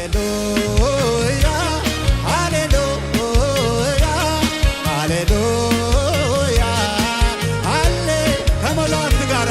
ሃሌሉያ ሃሌሉያ ሃሌሉያ አሌ ከመላእክት ጋራ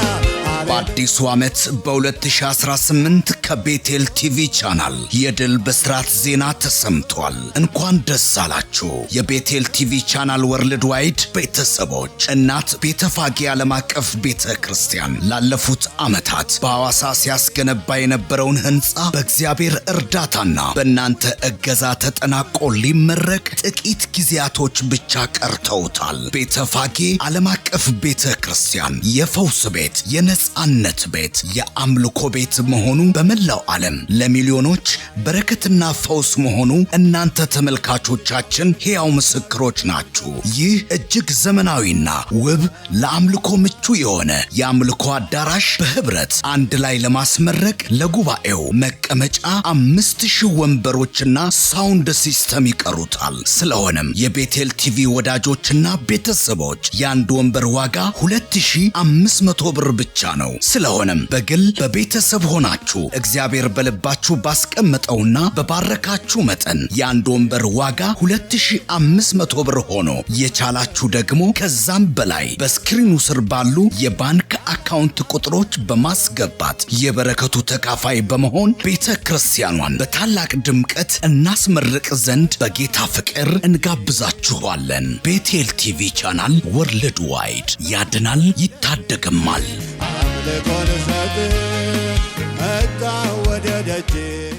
በአዲሱ ዓመት በ2018 ከቤቴል ቲቪ ቻናል የድል ብስራት ዜና ተሰምቷል። እንኳን ደስ አላችሁ! የቤቴል ቲቪ ቻናል ወርልድ ዋይድ ቤተሰቦች እናት ቤተፋጌ ዓለም አቀፍ ቤተ ክርስቲያን ላለፉት ዓመታት በሐዋሳ ሲያስገነባ የነበረውን ሕንፃ በእግዚአብሔር እርዳታና በእናንተ እገዛ ተጠናቆ ሊመረቅ ጥቂት ጊዜያቶች ብቻ ቀርተውታል። ቤተፋጌ ዓለም አቀፍ ቤተ ክርስቲያን የፈውስ ቤት የነ የነጻነት ቤት የአምልኮ ቤት መሆኑ በመላው ዓለም ለሚሊዮኖች በረከትና ፈውስ መሆኑ እናንተ ተመልካቾቻችን ሕያው ምስክሮች ናችሁ። ይህ እጅግ ዘመናዊና ውብ ለአምልኮ ምቹ የሆነ የአምልኮ አዳራሽ በህብረት አንድ ላይ ለማስመረቅ ለጉባኤው መቀመጫ አምስት ሺህ ወንበሮችና ሳውንድ ሲስተም ይቀሩታል። ስለሆነም የቤቴል ቲቪ ወዳጆችና ቤተሰቦች የአንድ ወንበር ዋጋ 2500 ብር ብቻ ነው። ስለሆነም በግል በቤተሰብ ሆናችሁ እግዚአብሔር በልባችሁ ባስቀመጠውና በባረካችሁ መጠን የአንድ ወንበር ዋጋ 2500 ብር ሆኖ የቻላችሁ ደግሞ ከዛም በላይ በስክሪኑ ስር ባሉ የባንክ አካውንት ቁጥሮች በማስገባት የበረከቱ ተካፋይ በመሆን ቤተ ክርስቲያኗን በታላቅ ድምቀት እናስመርቅ ዘንድ በጌታ ፍቅር እንጋብዛችኋለን። ቤቴል ቲቪ ቻናል ወርልድ ዋይድ ያድናል፣ ይታደግማል። ልቆን ሰጥ መጣ ወደ ደጅ